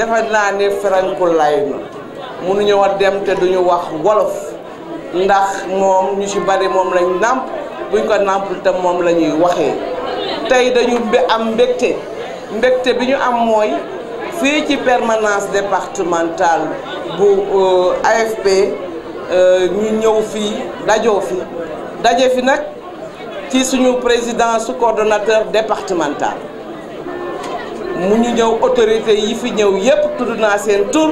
defe naa ne ferankulay na mënuñu war dem te duñu wax wolof ndax moom ñu ci bari moom lañuy nàmp buñ ko nàmpul te moom la ñuy waxee tey dañu am mbégte mbégte bi ñu am mooy fii ci permanence départementale bu euh, AFP euh, ñu ñëw fii dajoo fi daje fi nag ci suñu président su coordonnateur départemental mu ñu ñëw autorité yi fi ñëw yépp tudd naa seen tur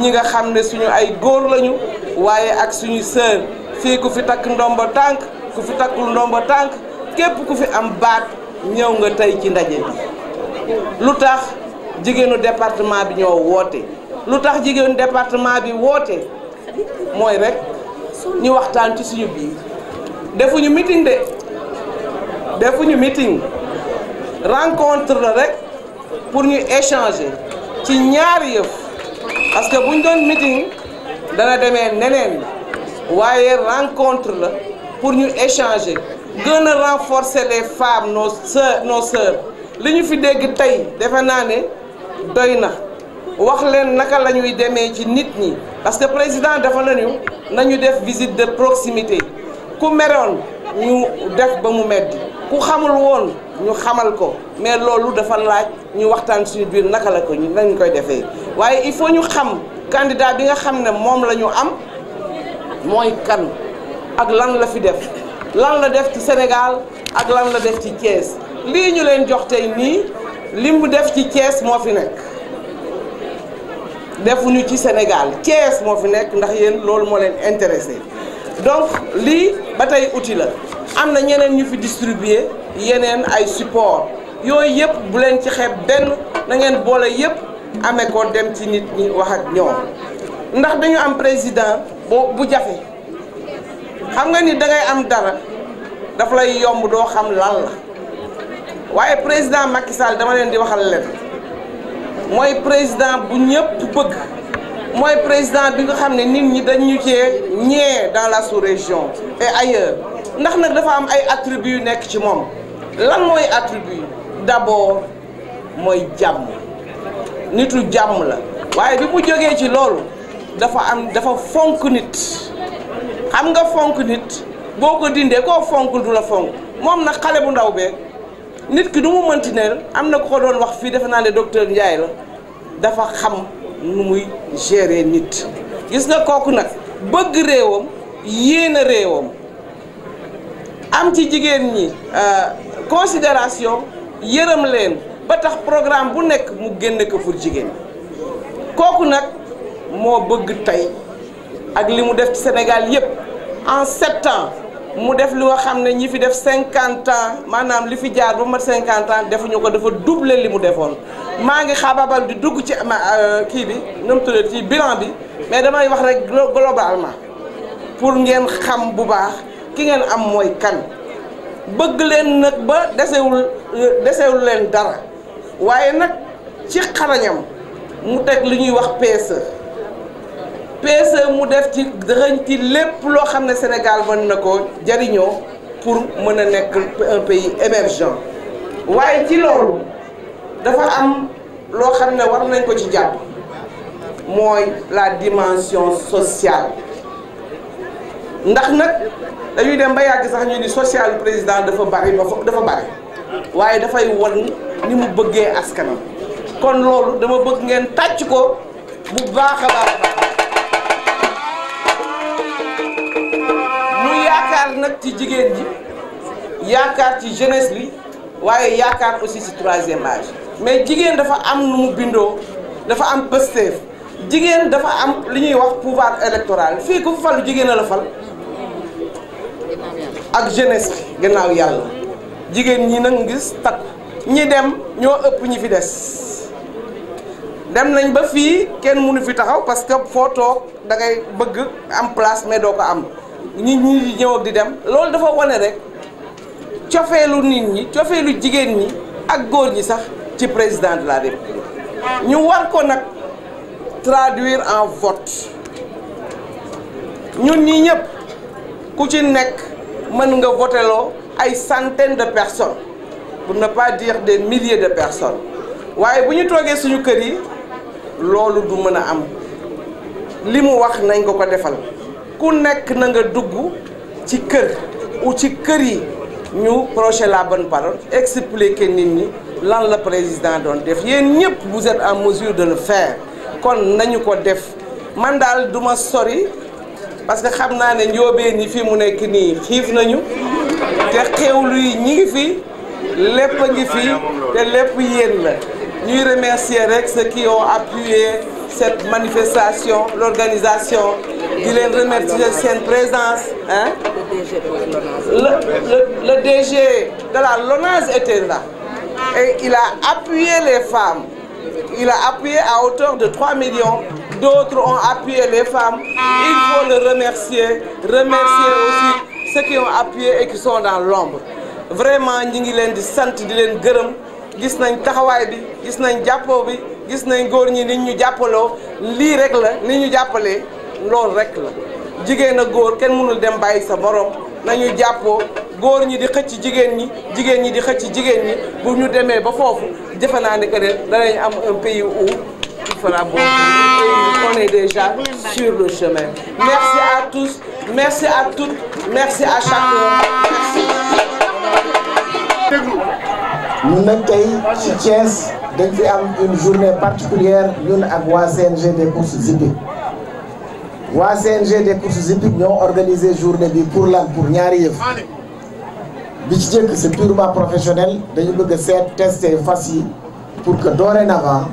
ñi nga xam ne suñu ay góor lañu waaye ak suñu sœur fii ku fi takk ndomba tànk ku fi takkul ndomba tànk képp ku fi am baat ñëw nga tey ci ndaje bi lu tax jigéenu département bi ñoo woote lu tax jigéenu département bi woote mooy rek ñu waxtaan ci suñu biir defuñu meeting de defuñu meeting rencontre la rek pour ñu échanger ci ñaari yëf parce que buñ doon meeting dana demee neneen waaye rencontre la pour ñu échanger gën a renforcer les no nos sœurs nos li ñu fi dégg tey defe naa ne doy na wax leen naka lañuy demee ci nit ñi parce que président dafa nañu nañu def visite de proximité ku meroon ñu def ba mu metti ku xamul woon ñu xamal ko mais loolu dafa laaj ñu waxtaan suñu biir naka la ko ñu nañ koy defee waaye il faut ñu xam candidat bi nga xam ne moom la ñu am mooy kan ak lan la fi def lan la def ci Sénégal ak lan la def ci Thiès lii ñu leen jox tey nii li mu def ci Thiès moo fi nekk defuñu ci Sénégal Thiès moo fi nekk ndax yéen loolu moo leen intéressé donc lii ba tey outil la am na ñeneen ñu fi distribuer yeneen ay support yooyu yëpp bu leen ci xeeb benn na ngeen boole yépp amee ko dem ci nit ñi wax ak ñoom ndax dañu am président boo bu jafe xam nga ni dangay am dara dafa lay yomb doo xam lan la waaye président Macky Sall dama leen di waxal leen mooy président bu ñëpp bëgg. mooy président bi nga xam ne nit ñi dañu cee ñee dans la sous-région et ailleurs ndax nag dafa am ay atribu yu nekk ci moom lan mooy attribut d'abord mooy jàmm nitu jàmm la waaye bi mu jógee ci loolu dafa am dafa fonk nit xam nga fonk nit boo ko dindee koo fonk du la fonk moom nag xale bu ndaw bee nit ki du mu mënti am na ku ko doon wax fii defe naa ne docteur Ndiaye la dafa xam nu muy gérer nit gis nga kooku nag bëgg réewam yéen a réewam am ci jigéen ñi euh, considération yërëm leen ba tax programme bu nekk mu génne ko jigéen kooku nag moo bëgg tey ak li mu def ci Sénégal yépp en sept ans mu def li nga xam ne ñi fi def cinquante ans maanaam li fi jaar ba mat cinquante ans defuñu ko dafa doubler li mu defoon maa ngi xababal di dugg ci ma euh, kii bi nu mu tuddee bilan bi mais damay wax rek globalement pour ngeen xam bu baax ki ngeen am mooy kan bëgg leen nag ba desewul euh, desewul leen dara waaye nag ci xarañam mu teg li ñuy wax PSE PSE mu def ci dëxëñ ci lépp loo xam ne Sénégal mën na ko jariñoo pour mën a nekk un pays émergent waaye ci loolu dafa am loo xam ne war nañ ko ci jàpp mooy la dimension sociale ndax nag dañuy dem ba yàgg sax ñu ni social président dafa bari ba dafa bari waaye dafay won ni mu bëggee askanam kon loolu dama bëgg ngeen tàcc ko bu baax a baax yaakaar nag ci jigéen ji yaakaar ci jeunesse bi waaye yaakaar aussi ci troisième âge mais jigéen dafa am nu mu bindoo dafa am pësteef jigéen dafa am li ñuy wax pouvoir électoral fii ku falu jigéen a la fal ak jeunesse bi gannaaw yàlla jigéen ñi nag gis takk ñi dem ñoo ëpp ñi fi des dem nañ ba fii kenn mënu fi taxaw parce que foo toog da ngay bëgg am place mais doo ko am ñi ñu ñëw di dem loolu dafa wane rek cofeelu nit ñi cofeelu jigéen ñi ak góor ñi sax ci président de la république ñu war ko nag traduire en vote ñun ñii ñëpp ku ci nekk mën nga voteloo ay centaines de personnes pour ne pas dire des milliers de personnes waaye bu ñu toogee suñu kër yi loolu du mën a am li mu wax nañ ko ko defal ku nekk na nga dugg ci kër ou ci kër yi ñu prochet la bonne parole kenn nit ñi lan la président doon def yéen ñëpp vous êtes en mesure de le faire kon nañu ko def man daal duma sori parce que xam naa ne njóobeen ñi fi mu nekk nii xiif nañu te xewlu yi ñi ngi fi lépp a ngi fi te lépp yéen la ñuy remercier rek ceux qui ont appuyé cette manifestation l'organisation di leen remercier seen présence hein le, le, le DG de la LONASE était là et il a appuyé les femmes il a appuyé à hauteur de 3 millions d'autres ont appuyé les femmes il faut le remercier remercier aussi ceux qui ont appuyé et qui sont dans l'ombre vraiment ñi ngi leen di sant di leen gërëm gis nañ taxawaay bi gis nañ jàppoo bi gis nañ góor ñi ni ñu jàppaloo lii rek la ni ñu jàppalee loolu rek la jigéen a góor kenn mënul dem bàyyi sa morom nañu jàppoo góor ñi di xëcc jigéen ñi jigéen ñi di xëcc jigéen ñi bu ñu demee ba foofu defe naa ne que danañ am un pays où il fera le chemin merci à tous merci à toutes merci à chacun ñun nag tey ci Thiès dañ fi am une journée particulière ñun ak waa CNG des courses hippiques waa CNG des courses hippiques ñoo organisé journée bi pour lan pour ñaari yëf bi ci jëkk c'est purement professionnel dañu bëgg a seet tester fas yi pour que dorénavant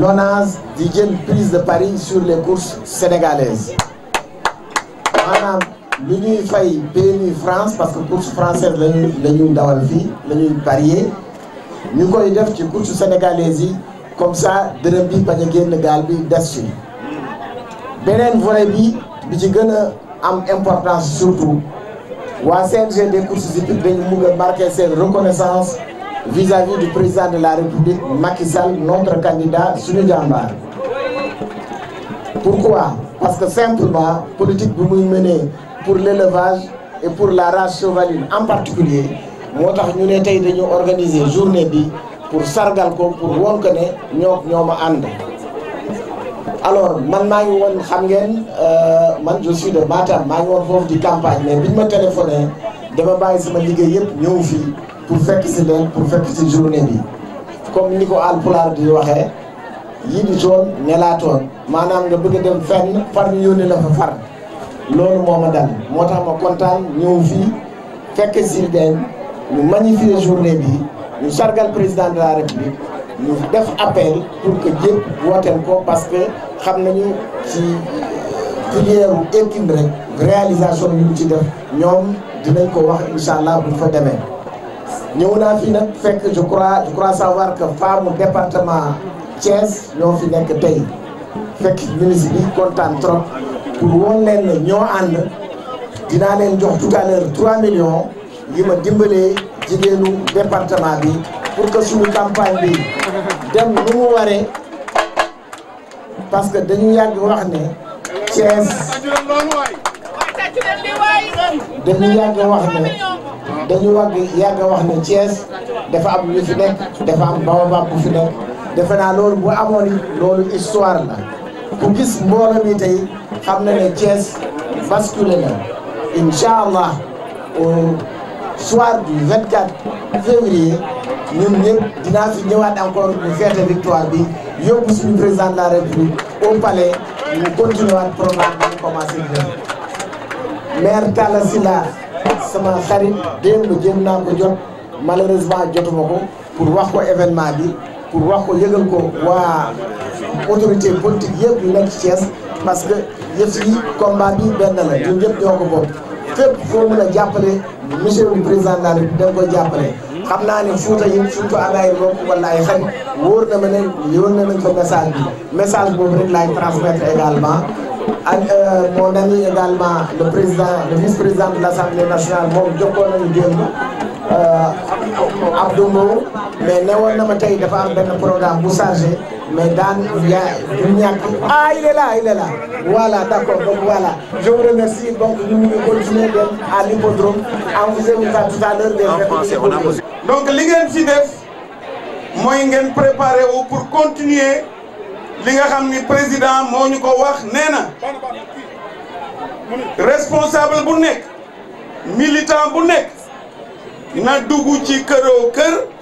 l'ONAS di jël prise de pari sur les courses sénégalaises maanaam li ñuy fay PMU France parce que course française lañu la ñuy dawal fii la ñuy parier ñu koy def ci course sénégalaise yi comme ça dërëm bi bañ a génn gaal bi des ci beneen volet bi bi ci gën a am importance surtout waa CNG des courses hippiques dañu mun a marquer seen reconnaissance vis-à-vis du président de la République Macky Sall notre candidat suñu jàmbaar pourquoi parce que simplement politique bi muy mener pour l'élevage et pour la race chevaline en particulier moo tax ñu ne tey dañu organiser journée bi pour sargal ko pour woon ne ñoo ñoo ma ànd alors man maa ngi woon xam ngeen euh, man je suis de Matam maa ngi woon foofu di campagne mais biñ ma téléphoné dama bàyyi sama liggéey yëpp ñëw fii pour fekk si leen pour fekk si journée bi comme ni ko alpulaar di waxee yi di toon ne laa toon maanaam nga bëgg a dem fenn far ñu yónnee la fa far loolu moo ma moo tax ma kontaan ñëw fii fekk si gañ ñu magnifier journée bi ñu sargal président de la république ñu def appel pour que jépp wooteel ko parce que xam nañu ci euh, filière Ekine rek réalisation yi ñu ci def ñoom dinañ ko wax incha allah bu fa demee. ñëw naa fii nag fekk je crois je crois savoir que femme département Thiès ñoo fi nekk tey fekk ministre kontaan trop. pour woon leen ñoo ànd dinaa leen jox tout à l'heure 3 millions yi ma dimbalee jigéenu département bi pour que suñu campagne bi dem nu mu waree parce que dañu yàgg wax ne Thiès dañu yàgg wax ne dafa am lu fi nekk dafa am baobab naa loolu bu amoon loolu histoire la ku gis mbooloo mi tey xam na ne Thiès basculé na incha allah au soir du 24 février ñun ñëpp dinaa fi ñëwaat encore ñu feete victoire bi yóbbu suñu président de la république au palais ñu continuer waat programme bi commencé di maire Talla Sylla sama xarit démb jëm jot malheureusement jotuma ko pour wax ko événement bi pour wax ko yëgal ko waa autorité politique yëpp yu nekk Thiès parce que yëf yi combat bi benn la ñun ñëpp ñoo ko bokk fépp jàppale monsieur président de la République da jàppale xam naa ne Fouta yi suñ ko amee ay mbokk na ma ne yónnee nañ ko message bi message boobu rek laay transmettre également ak euh, mon ami également le président le vice président de l' assemblée nationale moom jokkoon nañu démb euh, Abdou Mbow mais newoon na ma tey dafa am benn programme bu chargé mais daan ya du ñàkk ah il est là il est là voilà d' accord donc voilà je vous remercie donc ñu ngi continuer dem à l'hippodrome en vous écoutant tout à l'heure li ngeen si def mooy ngeen préparer wu pour continuer li nga xam ni président moo ñu ko wax nee na responsable bu nekk militant bu nekk na dugg ci këroo kër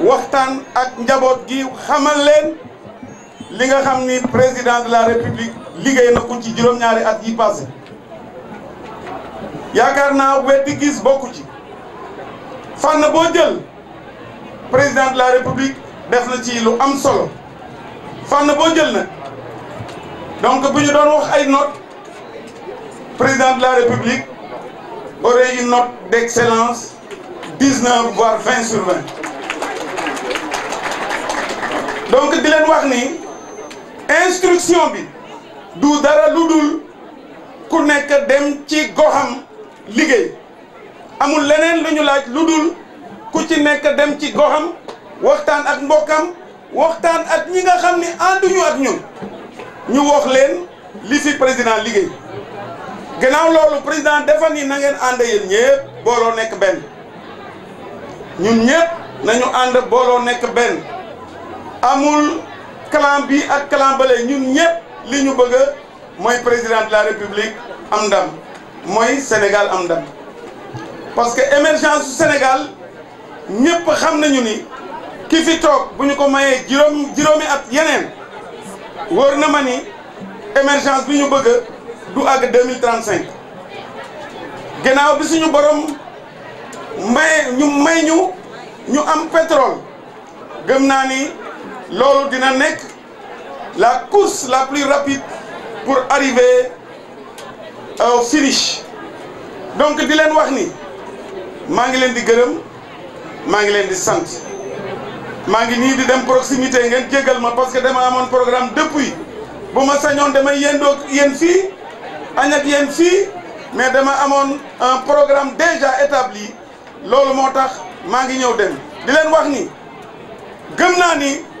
waxtaan ak njaboot gi xamal leen li nga xam ni président de la république liggéey na ci juróom-ñaari at yi passé yaakaar naa weddi gis bokku ci fànn boo jël président de la république def na ci lu am solo fànn boo jël na donc bu ñu doon wax ay not président de la république aurait une note d'excellence 19 voire 20 sur 20 donc di leen wax ni instruction bi du dara lu dul ku nekk dem ci goxam liggéey amul leneen lu ñu laaj lu dul ku ci nekk dem ci goxam waxtaan ak mbokkam waxtaan ak ñi nga xam ni ànduñu ak ñun ñu wax li fi président liggéey gannaaw loolu président dafa ni nangeen ngeen ànd yéen booloo nekk benn ñun ñëpp nañu ànd booloo nekk benn amul clan bi ak clan bale ñun ñëpp li ñu bëgg mooy président de la république am ndam mooy Sénégal am ndam parce que émergence su Sénégal ñëpp xam nañu ni ki fi toog bu ñu ko mayee juróom juróomi at yeneen wóor na ma ni émergence bi ñu bëgg du àgg 2035 gannaaw bi suñu borom may ñu may ñu ñu am pétrole gëm naa ni loolu dina nekk la course la plus rapide pour arriver au finish donc di leen wax ni maa ngi leen di gërëm maa ngi leen di sant maa ngi nii di dem proximité ngeen jégal ma parce que dama amoon programme depuis bu ma sañoon damay yendoo yéen fii añ ak yéen fii mais dama amoon un programme déjà établi loolu moo tax maa ngi ñëw dem di leen wax ni gëm naa ni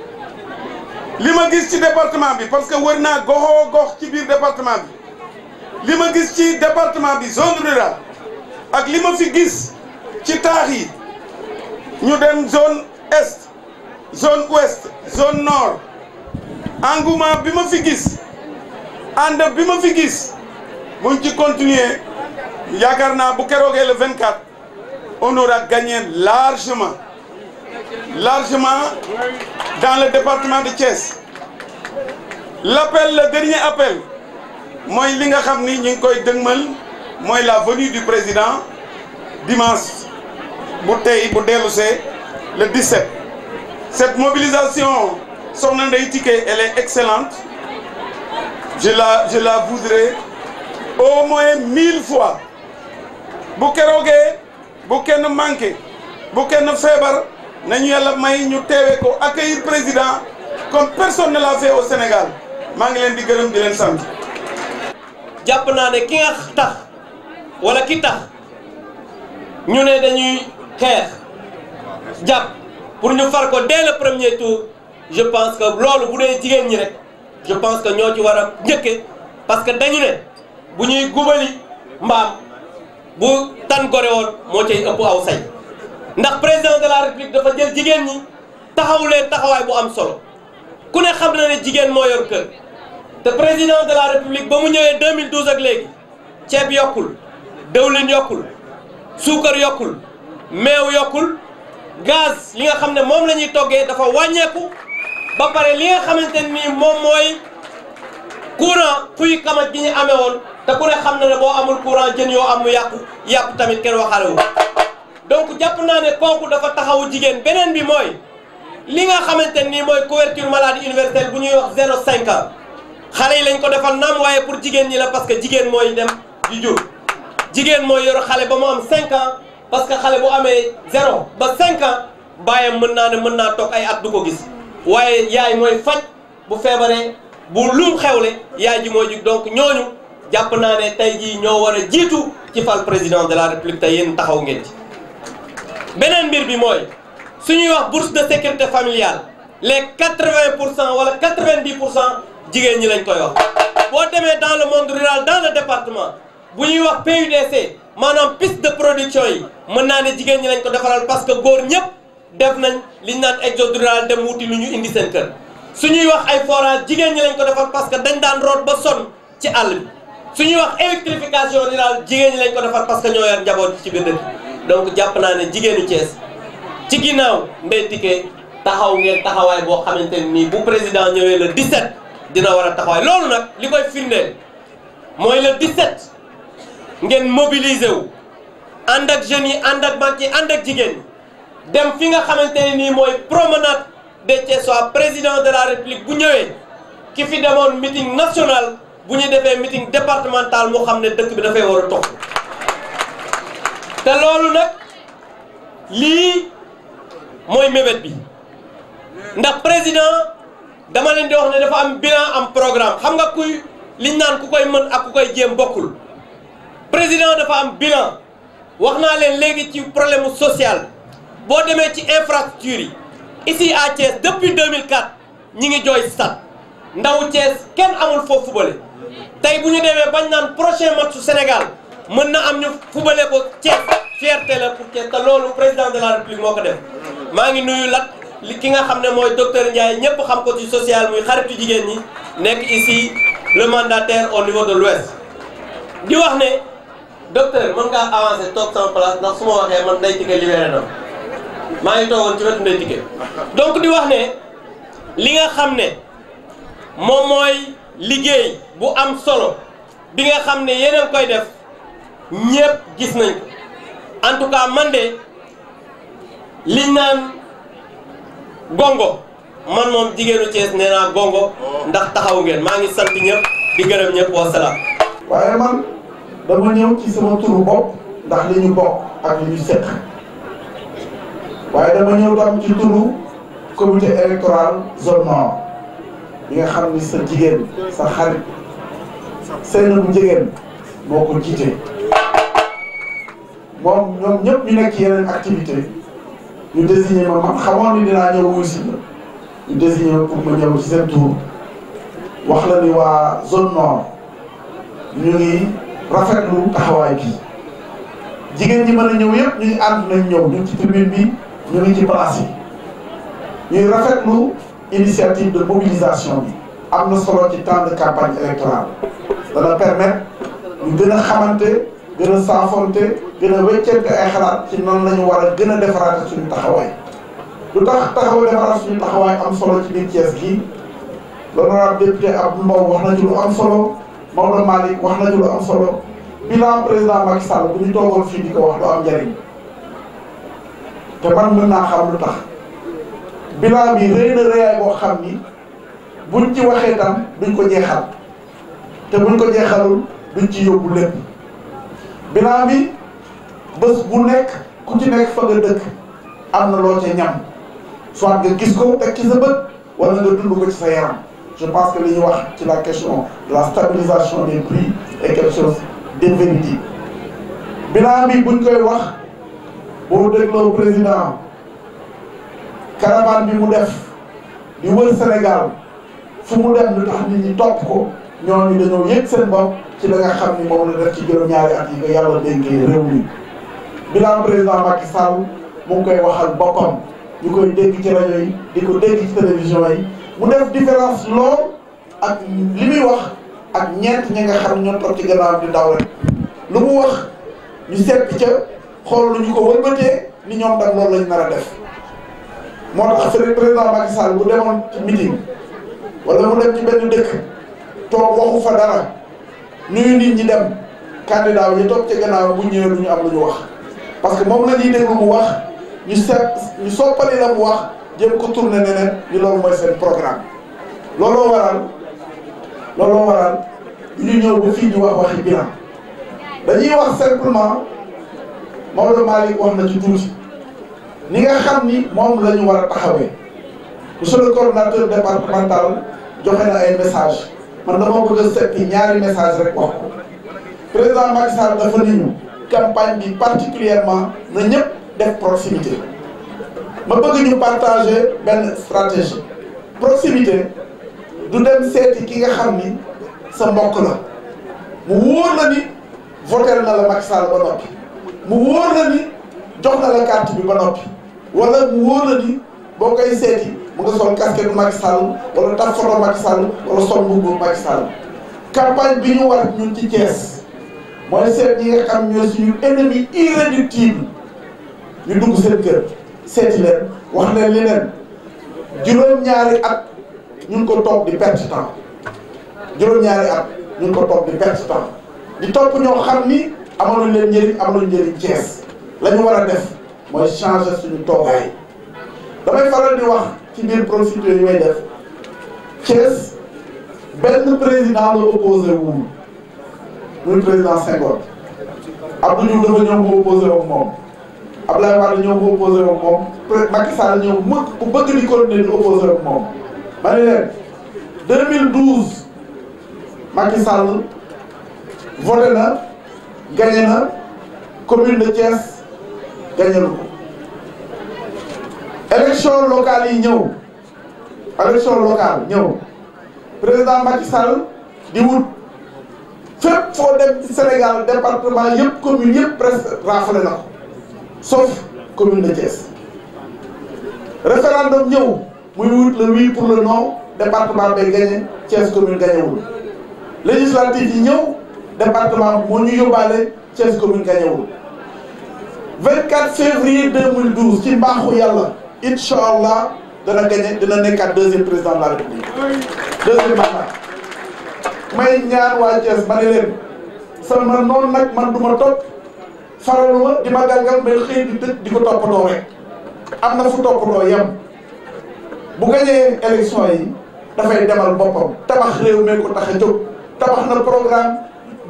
li ma gis ci département bi parce que wër naa goxoo gox ci biir département bi li ma gis ci département bi zone rurale ak li ma fi gis ci taax ñu dem zone est zone ouest zone noor engouement bi ma fi gis ànd bi ma fi gis buñ ci continuer yaakaar naa bu keroogee le 24 on aura gagné largement largement dans le département de Thiès l'appel le dernier appel mooy li nga xam ni ñu ngi koy dëgmal mooy la venue du président dimanche bu tey bu dellusee le 17. cette mobilisation Soxna Ndeye Tické elle est excellente je la je la voudrais au moins mille fois bu keroogee bu kenn manqué bu kenn feebar. nañu yàlla may ñu teewe ko accueillir président comme personne ne l'a fait au Sénégal maa ngi leen di gërëm di leen sant. jàpp naa ne ki nga tax wala ki tax ñu ne dañuy xeex jàpp pour ñu far ko dès le premier tour je pense que loolu bu dee jigéen ñi rek je pense que ñoo ci war a njëkke parce que dañu ne bu ñuy gubali mbaam bu tan gore moo cay ëpp aw say ndax président de la république dafa jël jigéen ñi taxawu leen taxawaay bu am solo ku ne xam na ne jigéen moo yor kër te président de la république ba mu ñëwee 2012 ak léegi ceeb yokkul dëwlin yokkul suukar yokkul meew yokkul gaz li nga xam ne moom la ñuy toggee dafa wàññeeku ba pare li nga xamante nii moom mooy courant fuy kamat gi ñu amee woon te ku ne xam na ne boo amul courant jën yoo am mu yàqu yàqu tamit kenn waxaale wu donc jàpp naa ne ponk dafa taxawu jigéen beneen bi mooy li nga xamante nii mooy couverture maladie universelle bu ñuy wax zéro cinq ans xale yi lañ ko defal naam waaye pour jigéen ñi la parce que jigéen mooy dem di jur jigéen mooy yor xale ba mu am 5 ans parce que xale bu amee zéro ba 5 ans bàyyam mën naa ne mën naa toog ay at du ko gis waaye yaay mooy faj bu feebaree bu lum xewle yaay ji mooy jug donc ñooñu jàpp naa ne tey jii ñoo war a ci fal président de la république te yéen taxaw ngeen ci. beneen mbir bi mooy suñuy wax bourse de sécurité familiale les quatre-vingt pour cent wala quatre-vingt-dix pour cent jigéen ñi lañ koy wax. boo demee dans le monde rural dans le département bu ñuy wax PUDC maanaam piste de production yi mën naa ne jigéen ñi lañ ko defaral parce que góor ñëpp def nañ li ñu naan exode rural dem wuti lu ñu indi seen kër. su ñuy wax ay forage jigéen ñi lañ ko defal parce que dañ daan root ba sonn ci àll bi su ñuy wax électrification rurale jigéen ñi lañ ko defal parce que ñoo yar njaboot ci biir dëkk donc jàpp naa ne jigéenu Thiès ci ginnaaw Ndeye Tické taxaw ngeen taxawaay boo xamante nii bu président ñëwee le 17 dina war a taxawaay loolu nag li koy firndeel mooy le 17 ngeen mobiliser wu ànd ak jeunes yi ànd ak mag ànd ak jigéen dem fi nga xamante ne nii mooy promenade de Thiès soit président de la république bu ñëwee ki fi demoon meeting national bu ñu defee meeting départemental moo xam ne dëkk bi dafay war a topp te loolu nag lii mooy mébét bi ndax président dama leen di wax ne dafa am bilan am programme xam nga kuy liñ naan ku koy mën ak ku koy jéem bokkul président dafa am bilan wax naa leen léegi ci problème social boo demee ci infrastructure yi ici à Thiès depuis 2004 ñi ngi jooy stade ndaw Thiès kenn amul foofu fubale tey bu ñu demee bañ naan prochain match su Sénégal mën na am ñu fubale ko Thiès fierté la pour Thiès te loolu président de la république moo ko def maa ngi nuyu lat li ki nga xam ne mooy docteur Ndiaye ñëpp xam ko ci social muy xaritu jigéen ñi nekk ici le mandataire au niveau de l'ouest di wax ne docteur mën ngaa avancé toog sama place ndax su ma waxee man day tike libéré na maa ngi toogoon ci wetu ndey tike donc di wax ne li nga xam ne moom mooy liggéey bu am solo bi nga xam ne yeneen koy def ñëpp gis nañ ko en tout cas man de liñ naan gongo man moom jigéenu Thiès nee naa gongo ndax taxaw ngeen maa ngi sant ñëpp di gërëm ñëpp wa salaam. waaye man dama ñëw ci sama turu bopp ndax li ñu bokk ak li ñu seq waaye dama ñëw tam ci turu comité électoral zone nord bi nga xam ni sa jigéen sa xarit seen bu njigéen moo ko jiite. moom ñoom ñëpp ñu nekk yeneen activité ñu désigné ma man xamoon ni dinaa ñëw wuyu la ñu désigné ma pour ma ñëw ci seen tour wax la ni waa zone nord ñu ngi rafetlu taxawaay bi jigéen ñi mën a ñëw yëpp ñu ngi ànd nañ ñëw ñu ngi ci tribune bi ñu ngi ci ñu yi ñuy rafetlu initiative de mobilisation bi am na solo ci temps de campagne électorale dana permettre ñu gën a xamante gën a saafonte gën a wéccante ay xalaat ci noonu la war a gën a defaraat suñu taxawaay lu tax taxaw defaraat suñu taxawaay am solo ci biir Thiès gii l'honorable député Abdou Mbow wax na ci lu am solo Maodo Malick wax na ci lu am solo bilan président Macky Sall bu ñu toogoon fii di ko wax du am njëriñ te man mën naa xam lu tax bilan bi rëy na rëyaay boo xam ni buñ ci waxee tam duñ ko jeexal te buñ ko jeexalul duñ ci yóbbu lépp bilan bi. bés bu nekk ku ci nekk fa nga dëkk am na loo ca ñam soit nga gis ko teg ci sa bët wala nga dund ko ci sa yaram je pense que li ñuy wax ci la question la stabilisation des prix est quelque chose d'invéridique bi buñ koy wax boo dégloo président caravane bi mu def di wër Sénégal fu mu dem lu tax nit ñi topp ko ñooñu dañoo yëg seen bopp ci la nga xam ni moom la def ci juróom-ñaari at yi nga yàlla dénkee réew mi bilan président Macky Sall mu ngi koy waxal boppam ñu koy dégg ci rajo yi di ko dégg ci télévision yi bu def différence lool ak li muy wax ak ñeent ñi nga xam ñoo toog ci gannaaw di lu mu wax ñu sepp ca xool lu ñu ko wëlbatee ni ñoom tam loolu lañ nar a def moo tax sëriñ président Macky Sall bu demoon ci meeting wala mu dem ci benn dëkk toog waxu fa dara nuyu nit ñi dem candidat yi toog ca gannaaw bu ñëwee lu ñu am lu ñu wax parce que moom la ñuy déglu mu wax ñu seet ñu soppali la mu wax jéem ko tourné neneen ñu loolu mooy seen programme looloo waral looloo waral ñu ñëw ba fii ñu wax waxi bilan dañuy wax simplement ni nga xam ni moom la ñu war a taxawee monsieur le coordonnateur départemental joxe na ay message man dama bëgg a seppi ñaari message rek wax ko président Macky Sall dafa ni ñu campagne bi particulièrement na ñëpp def proximité ma bëgg ñu partager benn stratégie proximité du dem seeti ki nga xam ni sa mbokk la mu wóor la ni voter na la Macky Sall ba noppi mu wóor la ni jox na la carte bi ba noppi wala mu wóor la ni boo koy seeti mu nga sol casquette Macky Sall wala taf photo Macky Sall wala sol mbubb Macky Sall campagne bi ñu war ñun ci Thiès mooy seet yi nga xam ñooy suñu ennemi irréductible ñu dugg seen kër seeti leen wax leen leneen juróom-ñaari at ñu ko toog di perte temps juróom-ñaari at ñu ko toog di perte temps di topp ñoo xam ni amaluñ leen njëriñ amaluñ njëriñ Cees lañu war a def mooy changer suñu toogaay damay faral di wax ci biir procédure yi may def Cees benn président la opposé wul muy président Senghor Abdou Diouf dafa ñëw ko opposé ak moom Abdoulaye Wade ñëw ko opposé ak moom Macky Sall ñëw ku bëgg di continuer di opposé moom ma ne leen 2012 Macky commune de Thiès gagné élection locale yi élection locale ñëw président Macky Sall fépp foo dem ci Sénégal département yëpp commune yëpp presque raafale na ko sauf commune de Thiès référendum ñëw muy wut le oui pour le non département bay gagné Thiès commune gagnewul législative yi ñëw département moo ñu yóbbaale Thiès commune gagnewul 24 février ci mbaaxu yàlla incha allah dana gagné dina nekkaat deuxième président de la république deuxième mandat may ñaan waa Thiès ma ne leen sama noonu nag man du ma topp faralu ma di ma galgal may xëy di dëkk di ko toppatoo rek am na fu toppatoo yem bu gañee élection yi dafay demal boppam tabax réew mee ko tax a jóg tabax na programme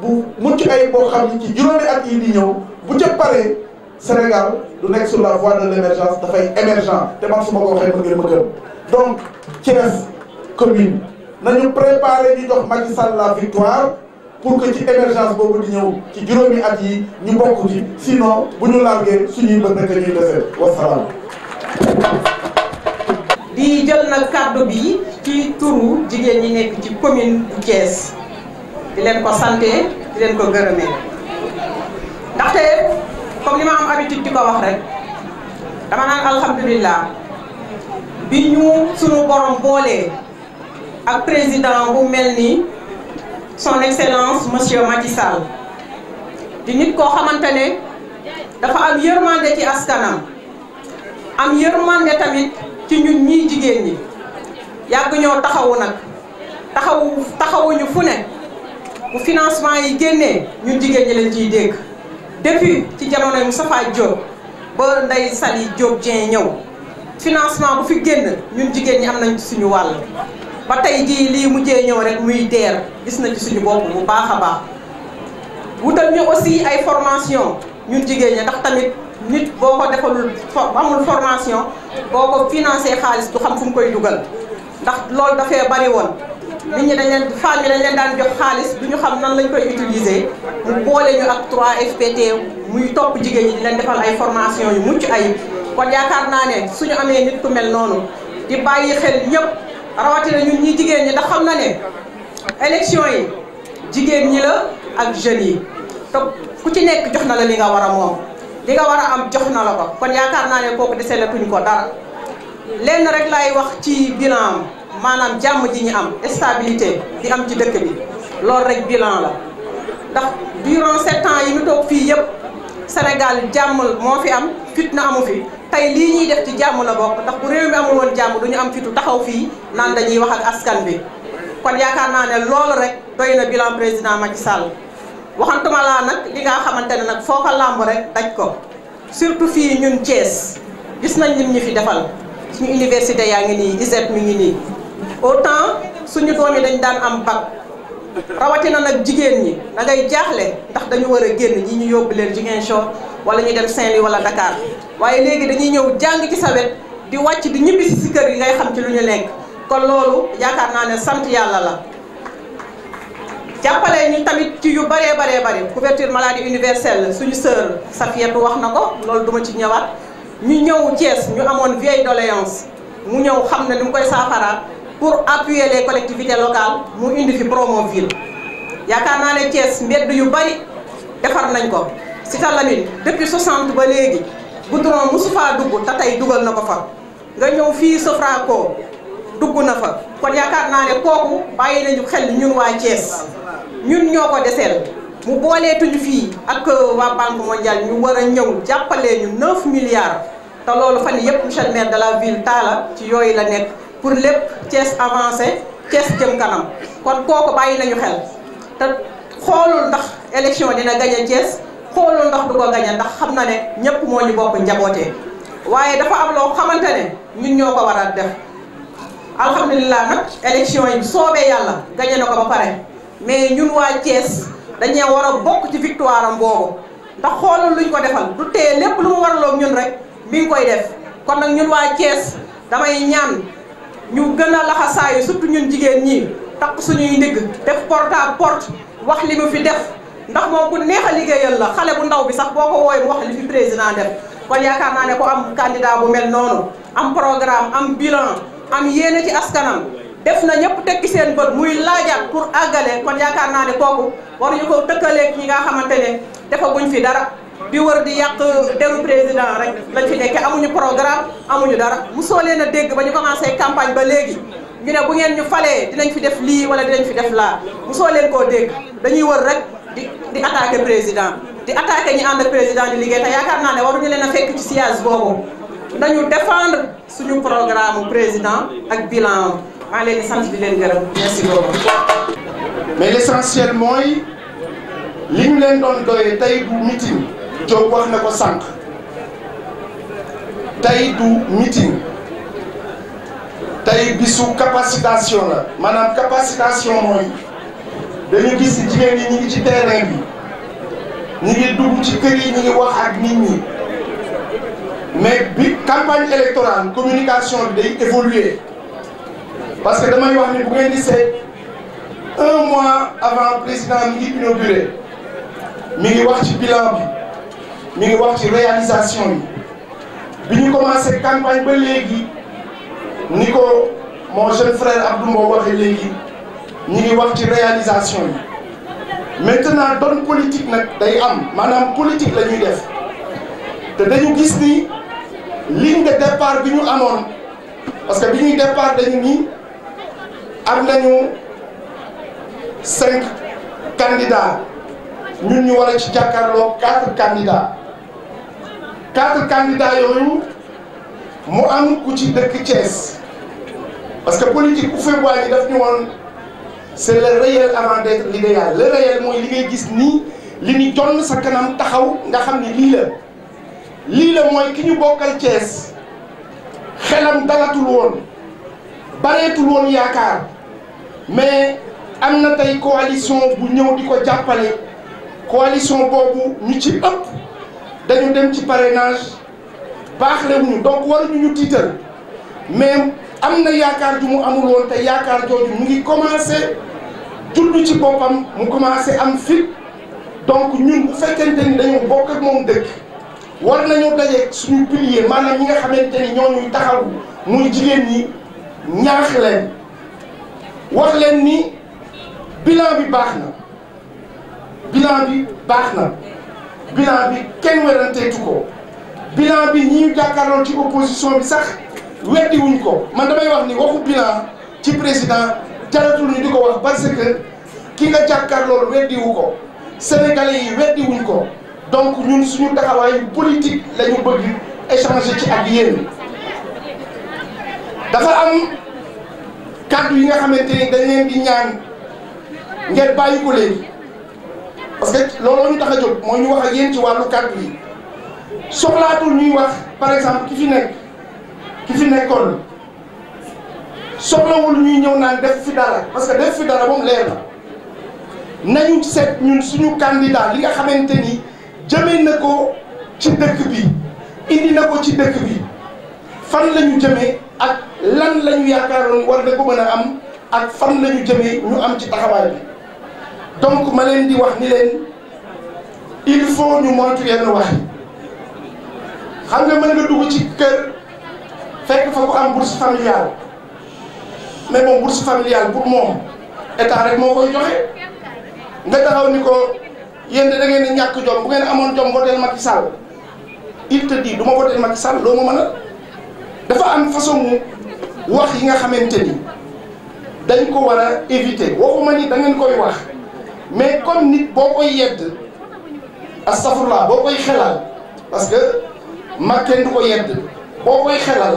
bu mucc ay boo xam ni ci juróomi at yi di ñëw bu ca paree Sénégal du nekk sur la voie de l' émergence dafay émergent te man su ma ko waxee ma donc Thiès commune nañu préparer di jox Macky Sall la victoire pour que émergence boobu di ñëw ci juróomi at yi ñu bokk ci sinon bu ñu largee suñuy bët rek ñuy dese wasalaam. di jël nag kàddu bi ci turu jigéen ñi nekk ci commune bu Thiès di leen ko santé di leen ko gërëmee ndaxte comme li ma am habitude di ko wax rek dama naan alhamdulilah bi ñu sunu borom boolee. ak président bu mel ni son excellence monsieur Macky di nit koo xamante ne dafa am yërmande ci askanam am yërmande tamit ci ñun ñii jigéen ñi yàgg ñoo taxawu nag taxawu taxawuñu fu ne bu financement yi génnee ñun jigéen ñi lañ ciy dégg depuis ci jamonoy Moustapha Diop ba Ndeye Saly Diop Dieng ñëw financement bu fi génn ñun jigéen ñi am nañ suñu wàll ba tey jii lii mujjee ñëw rek muy DER gis na ci suñu bopp bu baax a baax wutal ñu aussi ay formation ñun jigéen ñi ndax tamit nit boo ko defalul amul formation boo ko financé xaalis du xam fu mu koy dugal ndax loolu dafee bari woon nit ñi dañ leen femmes yi dañ leen daan jox xaalis du xam nan lañ koy utiliser mu boole ñu ak 3FPT muy topp jigéen ñi leen defal ay formation yu mucc ay kon yaakaar naa ne suñu amee nit ku mel noonu di bàyyi xel ñëpp rawatina ñun ñi jigéen ñi ndax xam na ne élection yi jigéen ñi la ak jeunes yi te ku ci nekk jox na la li nga war a moom li nga war a am jox na la ko kon yaakaar naa ne kooku dese la tuñ ko dara lenn rek laay wax ci bilan maanaam jàmm ji ñu am stabilité bi am ci dëkk bi loolu rek bilan la ndax durant sept yi ñu toog fii yëpp Sénégal jàmm moo fi am fitna amu fi tey lii ñuy def ci jàmm la bokk ndax bu réew mi amul woon jàmm du ñu am fitu taxaw fii nan dañuy wax askan bi kon yaakaar naa ne lool rek doy na bilan président Macky Sall waxantuma laa nag li nga xamante ne nag foo ko làmb rek daj ko surtout fii ñun Thiès gis nañ lim ñu fi defal suñu université yaa ngi nii ISEP mi ngi nii autant suñu doom yi dañ daan am bac rawatina nag jigéen ñi da jaaxle ndax dañu war a génn ñi ñu yóbbu leen Ziguinchor wala ñu dem Saint-Louis wala Dakar waaye léegi dañuy ñëw jàng ci sa wet di wàcc di ñibbi si kër yi ngay xam ci lu ñu lekk kon loolu yaakaar naa ne sant yàlla la jàppale ñu tamit ci yu bëree baree bëri couverture maladie universelle suñu sœur Safiatou wax na ko loolu duma ci ñëwaat ñu ñëw Thiès ñu amoon vieille doléance mu ñëw xam ne ni mu koy saafara pour appuyer les collectivités locales mu indi fi Promoville yaakaar naa ne Thiès mbedd yu bëri defar nañ ko Cité Lamy depuis 60 ba léegi goudron mosu faa dugg te tey dugal na ko fa nga ñëw fii Sofraco dugg na fa kon yaakaar naa ne kooku bàyyi nañu xel ñun waa Thiès ñun ñoo ko deseel mu booleetuñu fii ak euh, waa banque mondiale ñu war a ñëw jàppalee ñu 9 milliards te loolu fan yëpp monsieur le maire de la ville taala ci yooyu la nekk pour lépp Thiès avancé Thiès jëm kanam kon kooku bàyyi nañu xel te xoolul ndax élection dina gañ a xoolul ndax du ko gañe ndax xam na ne ñëpp moo ñu bokk njabootee waaye dafa am loo xamante ne ñun ñoo ko war a def alhamdulilah nag élection yi soobee yàlla gañe na ko ba pare mais ñun waa Thiès dañee war a bokk ci victoire am boobu ndax xoolul luñ ko defal du tee lépp lu mu waraloon ñun rek mi koy def kon nag ñun waa Thiès damay ñaan ñu gën a laxasaayu surtout ñun jigéen ñi takk suñuy ndigg def porte à porte wax li mu fi def ndax moom ku neex a liggéeyal la xale bu ndaw bi sax boo ko wooy mu wax li fi président def kon yaakaar naa ne ko am candidat bu mel noonu am programme am bilan am yéene ci askanam def na ñëpp tekki seen bët muy laajaat pour àggale kon yaakaar naa ne kooku waruñu ko tëkkaleeg ñi nga xamante ne defaguñ fi dara di wër di yàq deru président rek lañ fi nekke amuñu programme amuñu dara mosoo leen a dégg ba ñu commencé campagne ba léegi ñu ne bu ñu falee dinañ fi def lii wala dinañ fi def laa mosoo leen koo dégg dañuy wër rek. di di attaqué président di attaqué ñi ànd président di liggéey te yaakaar naa ne waruñu leen a fekk ci siège boobu nañu défendre suñu programme président ak bilan maa leen di sant di leen gërëm merci mais l' essentiel mooy li ñu leen doon doyee tey du meeting Diop wax na ko sant tey du meeting tey bisu capacitation la maanaam capacitation mooy. dañu gis jigéen ñi ñu ngi ci terrain bi ñu ngi dugg ci kër yi ñu wax ak nit ñi mais bi campagne électorale communication bi évoluer parce que damay wax ni bu ngeen di seet un mois avant président mi ngi inauguré mi ngi wax ci bilan bi mi ngi wax ci réalisation yi bi ñu commencé campagne ba léegi ni ko mon jeune frère Abdou Mbow waxee léegi. ñu ngi wax ci réalisation yi maintenant doon politique nag day am maanaam politique la def te dañu gis ni ligne de départ bi ñu amoon parce que bi ñuy départ dañu ni am nañu cinq candidats ñun ñu war a ci jàkkaarloo quatre candidats quatre candidats yooyu mu am ku ci dëkk Thiès parce que politique ku fekkoon yi daf ñu woon. c'est le réel avant d'être l'idéal le mooy li ngay gis nii li ni jonn sa kanam taxaw nga xam ni lii la lii la mooy ki ñu bokkal Cees xelam dalatul woon bareetul woon yaakaar mais am na tey coalition bu ñëw di ko jàppale coalition boobu ñu ci ëpp dañu dem ci parenage baax rewuñu donc waruñu ñu tiital mais am na yaakaar ju mu amul te yaakaar jooju mu ngi commencé judd ci boppam mu commencé am fit donc ñun bu fekkente ni dañu bokk ak moom dëkk war nañu daje suñu pilier maanaam ñi nga xamante ni ñoo ñuy taxaw muy jigéen ñi ñaax leen ni bilan bi baax na bilan bi baax na bilan bi kenn weranteetu ko bilan bi ñi ñu jàkkaarloo ci opposition bi sax. weddi ko man damay wax ni waxu bilan ci président jaratul ñu di ko wax parce que ki nga jàkkaar loolu weddi ko sénégalais yi weddi ko donc ñun suñu taxawaayu politique la ñu bëgg échanger ci ak yéen dafa am kàddu yi nga xamante ni dañ leen di ñaan ngeen bàyyi ko léegi parce que looloo ñu tax a jóg mooy ñu wax ak yéen ci wàllu kàddu yi soxlaatul ñuy wax par exemple ki fi nekk. ki fi nekkoon soxlawul ñuy ñëw naa def fi dara parce que def fi dara moom leer na nañu seet ñun suñu candidat li nga xamante ni jëmee na ko ci dëkk bi indi na ko ci dëkk bi fan la ñu jëmee ak lan lañu ñu yaakaaroon war na ko mën a am ak fan lañu ñu jëmee ñu am ci taxawaay bi donc ma leen di wax ni leen il faut ñu moytu yenn wax xam nga mën nga dugg ci kër. fekk fa ko am bourse familiale mais moom bourse familiale pour moom état rek moo koy joxe nga taxaw ni ko yéen da ngeen ñàkk jom bu ngeen amoon jom voté Macky Sall il te dit du ma voté Macky Sall loo ma mën a dafa am façon wax yi nga xamante ni dañ ko war a éviter waxuma ni da ngeen koy wax mais comme nit boo koy yedd astafurlah boo koy xelal parce que mag kenn du ko yedd boo koy xelal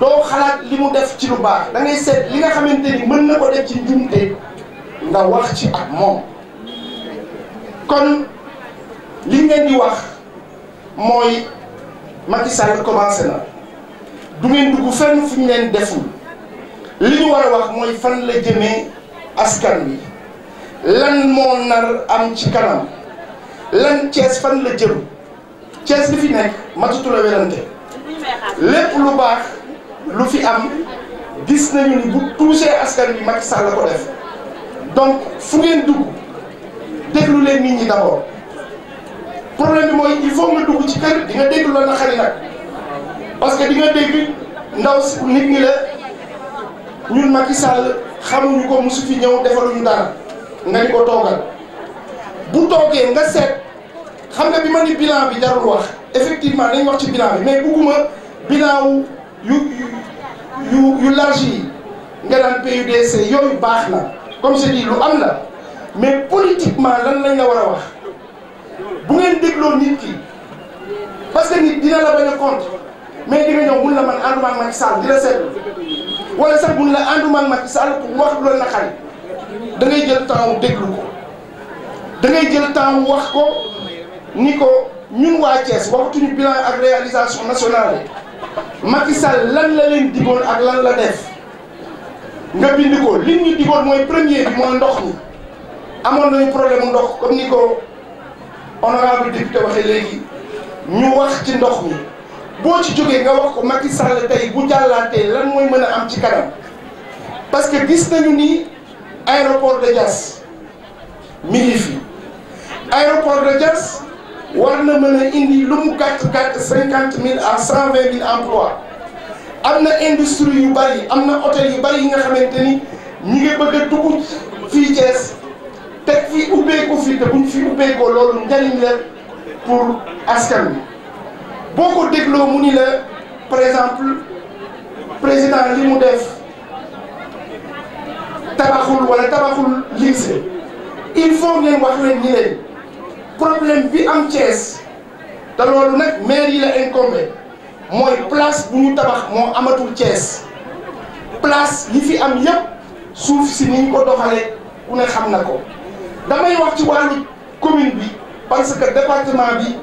doo xalaat li mu def ci lu baax da ngay seet li nga xamante ni mën na ko def ci njumte nga wax ci ak moom kon li ngeen di wax mooy Macky Sall commencé na du ngeen dugg fenn fu ñu leen deful li ñu war a wax mooy fan la jëmee askan wi lan moo nar am ci kanam lan Thiès fan la jëm Thiès li fi nekk matutu la werante lépp lu baax lu fi am gis nañu ni bu touché askan wi Macky Sall la ko def donc fu ngeen dugg déglu leen nit ñi d'abord problème bi mooy il faut nga dugg ci kër di nga déglu la na xari nag parce que di nga dégg ndaw si nit ñi la ñun Macky Sall xamuñu ko mosu fi ñëw defaluñu dara nga ni ko toogal bu toogee nga seet xam nga bi ma ni bilan bi jarul wax effectivement dañ wax ci bilan bi mais bugguma bilan yu yu yu large yi nga naan PUDC yooyu baax na comme je dis lu am la mais politiquement lan lañ la war a wax bu ngeen dégloo nit ki parce que nit dina la bañ a compte mais di nga ñëw la man ànduma ak Macky Sall di la seetlu wala sax mun la ànduma ak Macky Sall wax loolu la xarit da ngay jël temps déglu ko da jël temps wax ko ni ko ñun waa Thiès waxatuñu bilan ak réalisation nationale Macky Sall lan la leen digoon ak lan la def nga bind ko li ñu digoon mooy premier bi mooy ndox mi amoon nañu problème ndox comme ni ko honorable député waxee léegi ñu wax ci ndox mi boo ci jógee nga wax ko Macky Sall tey bu jàllaatee lan mooy mën a am ci kanam parce que gis nañu nii aéroport de Diass mi ngi fi aéroport de Diass war na mën a indi lu mu gàtt gàtt cinquante mille à cent vingt mille emplois am na industrie yu bari am na hôtel yu bari yi nga xamante ni ñi ngi bëgg a dugg fii Thiès teg fi ubbeeku fii te buñ fi ubbeekoo loolu njëriñ la pour askan bi boo ko dégloo mu ni la par exemple président li mu def tabaxul wala tabaxul lycée il faut ngeen wax leen ñi leen problème bi am Thiès te loolu nag maire yi la incombé mooy place bu ñu tabax moo amatul Thiès place yi fi am yépp suuf si ni ñu ko doxalee ku ne xam na ko damay wax ci wàllu commune bi parce que département bi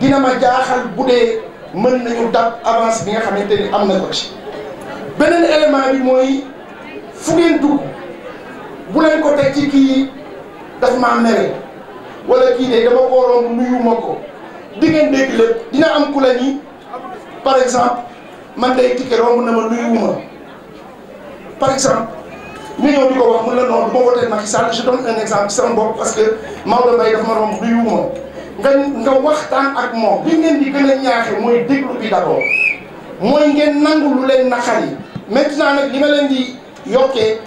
dina ma jaaxal bu dee mën nañu dab avance bi nga xamante ni am na ko ci beneen élément bi mooy fu ngeen bu leen ko teg ci kii daf maa mere wala kii de dama koo romb nuyu ko di ngeen dégg lépp dina am ku la ni par exemple man day ticket romb na ma nuyu par exemple ñu ñëw di ko wax mun la non du ma wootee Macky Sall je donne un parce que ma romb nuyu ma nga nga ak moom li ngeen di gën a ñaaxee mooy déglu bi d'abord mooy ngeen nangu lu leen naqari maintenant nag li ma leen di yokkee.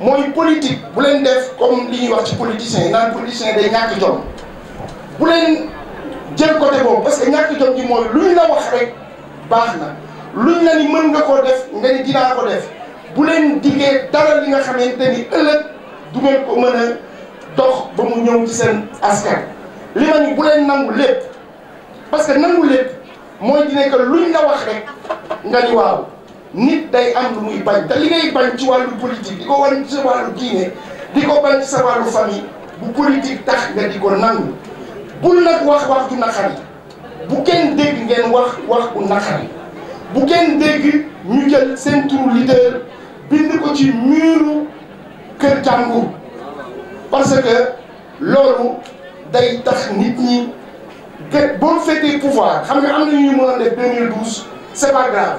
mooy politique bu leen def comme li ñuy wax ci politicien naan politicien day ñàkk jom bu leen jël côté boobu parce que ñàkk jom ji mooy luñ la wax rek baax na luñ la ni mën nga koo def nga ni dinaa ko def bu leen diggee dara li nga xamante ni ëllëg du ngeen ko mën a dox ba mu ñëw ci seen askan li ma ni bu leen nangu lépp parce que nangu lépp mooy di nekk luñ la wax rek nga ni waaw nit day am lu bañ te li ngay bañ ci wàllu politique di ko wan ci sa wàllu diine di ko bañ ci sa famille bu politique tax nga di ko nangu bul nag wax wax ju naqari bu kenn dégg ngeen wax wax bu naqari bu kenn dégg ñu jël seen turu leader bind ko ci muru kër jàmbur parce que loolu day tax nit ñi gë boo fekkee pouvoir xam nga am na ñuy mën a def 2012 c'est pas grave.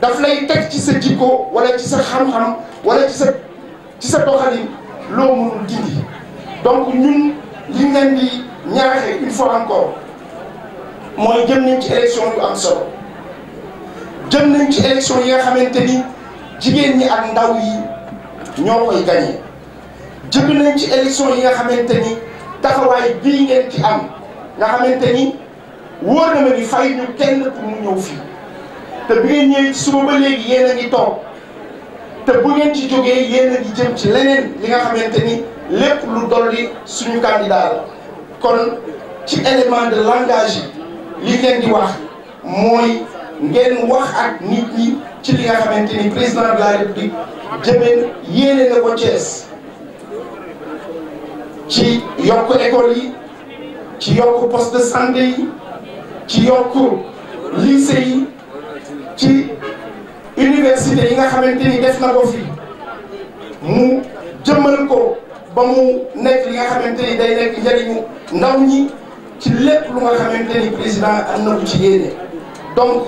daf lay teg ci sa jikko wala ci sa xam-xam wala ci sa ci sa doxalin loo mënul dindi donc ñun li ngeen di ñaaxee une fois encore mooy jëm nañ ci élection yu am solo jëm nañ ci élection yi nga xamante ni jigéen ñi ak ndaw yi ñoo koy gagné jëm nañ ci élection yi nga xamante ni taxawaay bii ngeen ci am nga xamante ni wóor na ma ni fay ñu kenn pour mu ñëw fii. te bi ngeen ñëwee ci suba ba léegi yéen a ngi toog te bu ngeen ci jógee yéen a jëm ci leneen li nga xamante ni lépp lu dolli suñu candidat la kon ci élément de langage yi li ngeen di wax mooy ngeen wax ak nit ñi ci li nga xamante président de la république jëmeen yéene na ko Thiès ci yokk école yi ci yokk poste de santé ci yokk lycée ci université yi nga xamante ni def na ko fi mu jëmmal ko ba mu nekk li nga xamante ni day nekk njëriñu ndaw ñi ci lépp lu nga xamante ni président am na ko ci yéene donc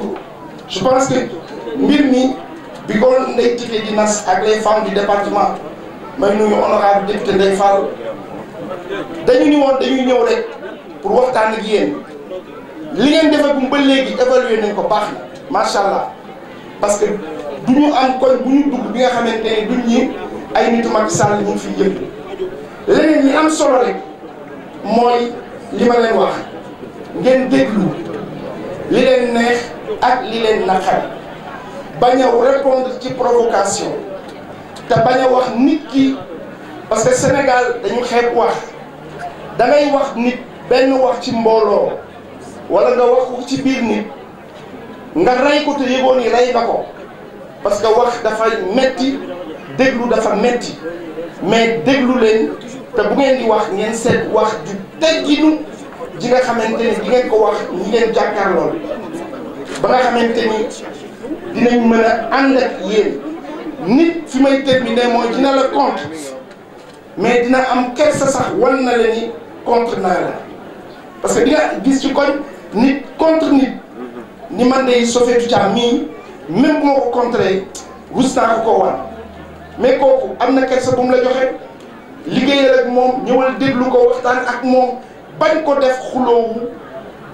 je pense que mbir mi bi ko Ndeye Tické di nas ak les femmes du département may nuyu honorable député Ndeye Fall dañu ni woon dañuy ñëw rek pour waxtaan ak yéen li ngeen defagum ba léegi évaluer nañ ko baax na macha allah parce que du ñu am koñ bu ñu dugg bi nga xamante ne duñ ñi ay nitu Macky Sall ñu ngi fiy leneen li am solo rek mooy li ma leen wax ngeen déglu li leen neex ak li leen naqari bañ répondre ci provocation te bañ a wax nit ki parce que Sénégal dañu xeet wax da wax nit benn wax ci mbooloo walla nga wax ci biir nit. nga rey ko te yëgoo ni rey nga ko parce que wax dafa metti déglu dafa metti mais déglu leen te bu ngeen di wax ngeen seet wax ju tegginu ji nga xamante ni di ngeen ko wax ñi ngeen jàkkaarlool ba nga xamante ni dinañ mën a ànd ak yéen nit fi may terminé mooy dina la contre mais dina am sa sax wan na leen ni contre naa la parce que di gis ci koñ nit contre nit. ni man de Sofeetu Caam mii même bu ko contré rus naa ko koo wan mais kooku am na kersa bu mu la joxee liggéeyal rek moom ñëwal déglu ko waxtaan ak moom bañ ko def xuloowu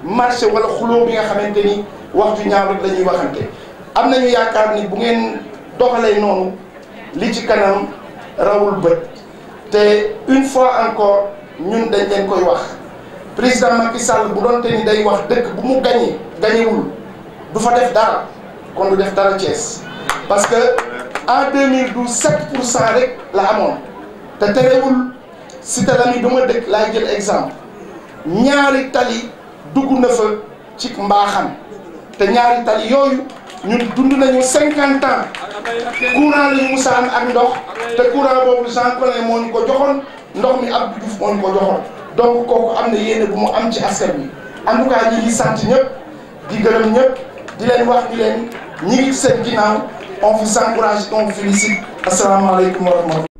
marché wala xuloo bi nga xamante ni waxtu ñaaw rek lañuy ñuy waxante am nañu yaakaar ni bu ngeen doxalee noonu li ci kanam rawul bët te une fois encore ñun dañ leen koy wax président Macky Sall bu doonte ni day wax dëkk bu mu gañe gañewul du fa def daal kon du def dara Thiès parce que en 2012 7 pour cent rek la amoon te terewul cité Lamy duma ma dëkk laay jël exemple ñaari tali dugg na fa ci mbaaxam te ñaari tali yooyu ñu dund nañu 50 ans courant la ñu musa am ak ndox te courant boobu Jean Collin moo ñu ko joxoon ndox mi Abdou Diouf moo ñu ko joxoon donc kooku am na yéene bu mu am ci askan wi en tout cas ñi ngi sant di gërëm ñëpp. di leen wax di leen ñi ngi seen ginnaaw on vous encourage on vous félicite asalaamaaleykum wa rahmatulah